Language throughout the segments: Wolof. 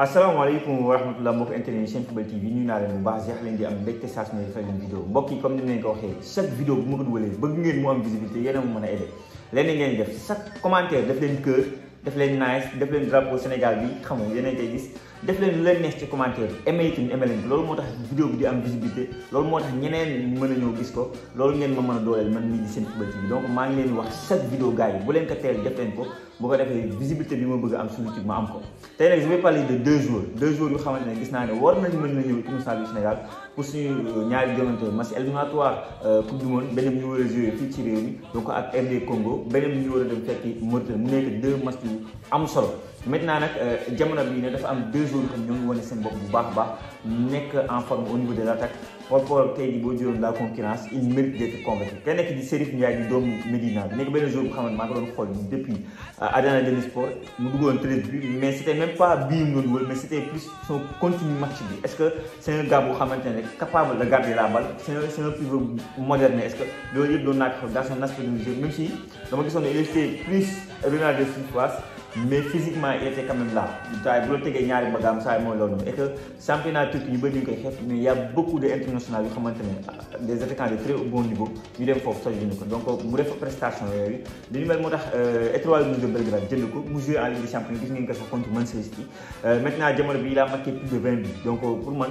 asalaamaaleykum wa rahmatulah mbokk internet yi Senfootball TV nuyu naa leen bu baax jeex leen di am mbégte saa su ne defal leen vidéo mbokk yi comme ni ma leen ko waxee chaque vidéo bu ma ko dugalee bëgg ngeen mu am visibilité yéen a mën a aidé leneen ngeen def chaque commentaire def leen cœur def leen nice def leen drapeau Sénégal bi xam nga yéen a ngi koy gis. def leen lu leen neex ci commentaire bi aimé itam aimé leen loolu moo tax vidéo bi di am visibilité loolu moo tax ñeneen mën a gis ko loolu ngeen ma mën a dooleel man mii di maa ngi leen wax chaque vidéo gars bu leen ko teel def leen ko bu ko defee bi ma bëgg am sur YouTube ma am ko tey nag je vais parler de deux ne gis naa ne war nañ mën na ñëw équipe nationale du Sénégal pour suñu euh, ñaari jongante match euh, a ci réew mi donc ak RD Congo beneen ñu war a dem fekki Mauritanie mu nekk deux matchs yu am solo maintenant nag euh, jamono bi ne dafa am deux jours comme ñoo ngi wane seen bopp bu baax baax nekk en forme au niveau de l'attaque par rapport tey jii boo jëloon la concurrence il mérite d'être convaincu te nekk di Serif Ndiaye di doomu Medina nekk benn jour bu xam ne maa ngi doon xool depuis euh, Adana Demirspor mu duggoon 13 buts mais c'était même pas bii mu doon wër mais c'était plus son continu match bi est-ce que c'est un gars boo xamante ne capable de garder la balle c'est un c'est un pivot moderne est-ce que loolu yëpp doon naa ko xool dans son de jeu même si dama gisoon ne il était plus renard de surface mais physiquement il était quand même là saa yi bu la tegee ñaari bagaam saa yi mooy loolu et que championnat turc ñu bëri ñu koy xeeb mais y' beaucoup de internationaux yu xamante ne euh, de très bon niveau ñu dem foofu toj ñu ko donc euh, mu def prestation yooyu li ñu mel moo tax euh, Étoile de Belgrade jënd ko mu joué en Ligue des champions gis ngeen ko sax contre Manchester City maintenant jamono bi il a marqué plus de 20 buts donc pour man.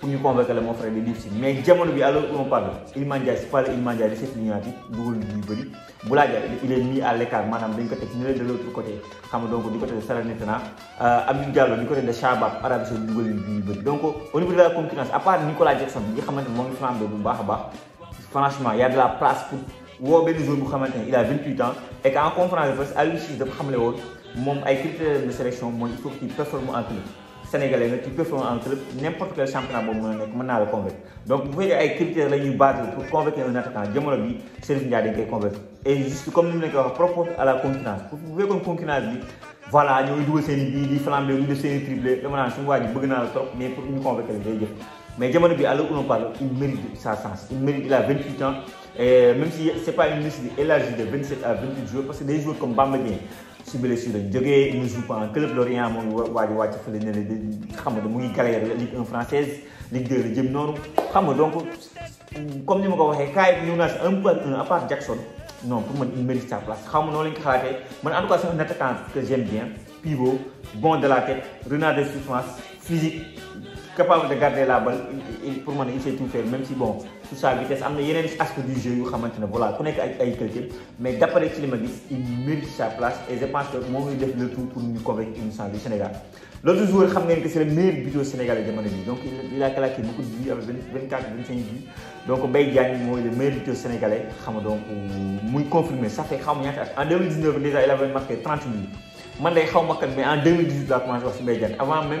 pour ñu convoquer la mon frère di diif si mais jamono bi alors on parle Iliman Ndiaye si fàlle Iliman di seet Illuminati dugal ñu bëri Boulaye Dia il est mis à l'écart maanaam dañ ko teg ne leen de l'autre côté xam nga donc du côté de Salernitana euh, Abdou Diallo du côté de Shabab donc au niveau de la concurrence à part Nicolas Jackson bi xamante ne moo ngi flambé bu baax baax franchement y de la place pour woo benn jour bu xamante ne il ans sénégalais nga tu peux faire club n'importe quel championnat boobu mën a nekk mën naa la convaincre donc bu fekkee ay critères la ñuy basé pour convaincre un attaquant jamono bi Serigne Ndiaye dañ koy convaincre et juste comme ni mu la koy wax propre à la concurrence bu fekkoon concurrence bi voilà ñooy dugal seen i bii di flambé ñu def seen triplé dama naan suñu waa ji bëgg naa la trop mais pour ñu convaincre day jëf mais jamono bi à l'heure où on parle il mérite sa chance il mérite il a 28 ans même si ce n'est pas une liste élargie de 27 à 28 joueurs, parce que des joueurs comme Bamadi, Dieng, si blessure de il ne joue pas en club, Lorient, mon Wadi Wadi, il faut le Ligue 1 française, Ligue 2, le Djem Donc, comme je l'ai dit, Kai, Younas, un peu à part Jackson, non, pour moi, il mérite sa place. Je ne sais pas si En tout cas, c'est un attaquant que j'aime bien, pivot, bon de la tête, renard de souffrance, physique, capable de garder la balle pour moi il sait tout faire même si bon sous sa vitesse y a des aspect du jeu yu voilà ku nek mais d'après ce qu'il ma il mérite sa place et je pense que je vais def le tout pour nous convaincre une salle du Sénégal l'autre joueur xam ngeen que c'est le meilleur buteur sénégalais mon donc il a claqué beaucoup de buts avec 24 25 buts donc Mbaye Diagne le meilleur buteur sénégalais xam donc confirmé ça fait xam en 2019 déjà il avait marqué 30 buts man day xawma ma mais en 2018 je je wax ci avant même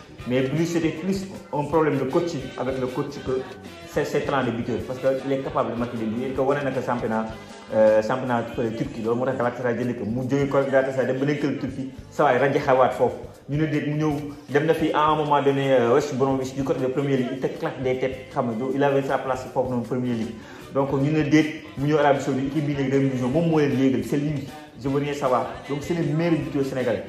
Mais c'était plus un problème de coaching avec le coach que ses, ses talents de buteur. Parce qu'il est capable de marquer des buts. Il a wane na que championnat euh, championnat Turquie loolu moo tax Galatasaray jënd ko mu jógee ko Galatasaray dem ba nekkal Turquie saa waay rajaxawaat foofu. ñu ne déet mu ñëw dem na fi à un moment donné euh, West Bromwich du côté de Premier League il te claque des têtes xam nga il avait sa place foofu noonu Premier League. donc ñu ne déet mu ñëw Arabie Saoudite équipe bii léegi deuxième division moom moo leen c'est lui je veux rien savoir donc c'est le meilleur buteur sénégalais.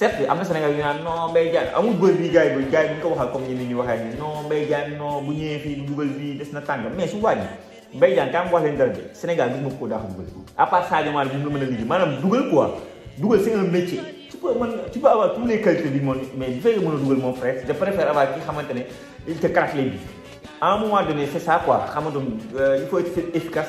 certes am na Sénégal yu naan non Mbaye Diagne amul bëri bii gars yi bëri gars yi bu comme ñeneen ñi waxee ak ñun non Mbaye Diagne bu ñëwee fii dugal fii des na tàng mais su wàññi Mbaye Diagne ka wax leen dara de Sénégal bi ma ko daax dugal à part Sadio Mané bi mu la mën a liggéey maanaam dugal quoi dugal c'est un métier tu peux man tu peux avoir a dugal mon frère je préfère avoir ki xamante ne il te craque les buts à un moment donné c'est ça quoi xamante euh, il faut être efficace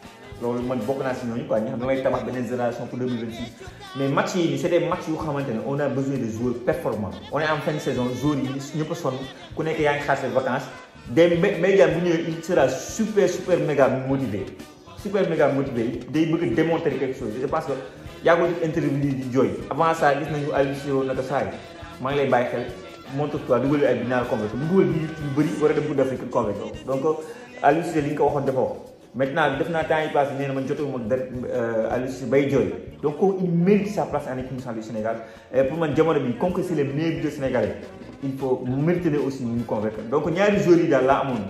loolu man bokk naa si ñooñu quoi ñu xam ne damay tabax beneen génération pour 2026 mais match yi nii c' est des matchs yu xamante ne on a besoin de joueurs performants on est en fin de saison joueurs yi ñëpp a sonn ku nekk yaa ngi xaar seen vacances des médias bu ñëwee il sera super super méga motivé super méga motivé day bëgg démontrer quelque chose je pense que yaa ko def interview di jooy avant ça gis nañu Aliou Cissé naka saa yi maa ngi lay bàyyi xel montre toi dugal ay bi naa la convaincre bu dugal bi yu bëri war a dem ko def rek convaincre donc Aliou li nga ko waxoon dafa maintenant def naa temps yi passé nee na man jotaguma ak euh, Aliou Cissé bay jooy donc il mérite sa place en équipe nationale du Sénégal pour man jamono bi comme que c'est les meilleurs buteurs sénégalais il faut mérite ne aussi mu ñu convaincre donc ñaari joueurs yi daal laa amoon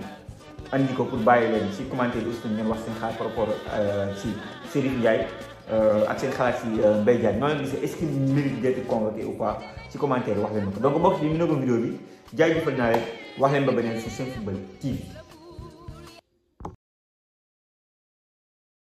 andi ko pour bàyyi leen ci commentaire bi aussi ngeen wax seen xalaat par rapport euh, ci Serigne Ndiaye euh, ak seen xalaat ci bay Diagne noonu leen gisee est-ce qu'il mérite d'être convoqué ou pas ci commentaire wax leen ko donc yi ñu nëggoon vidéo bi wax leen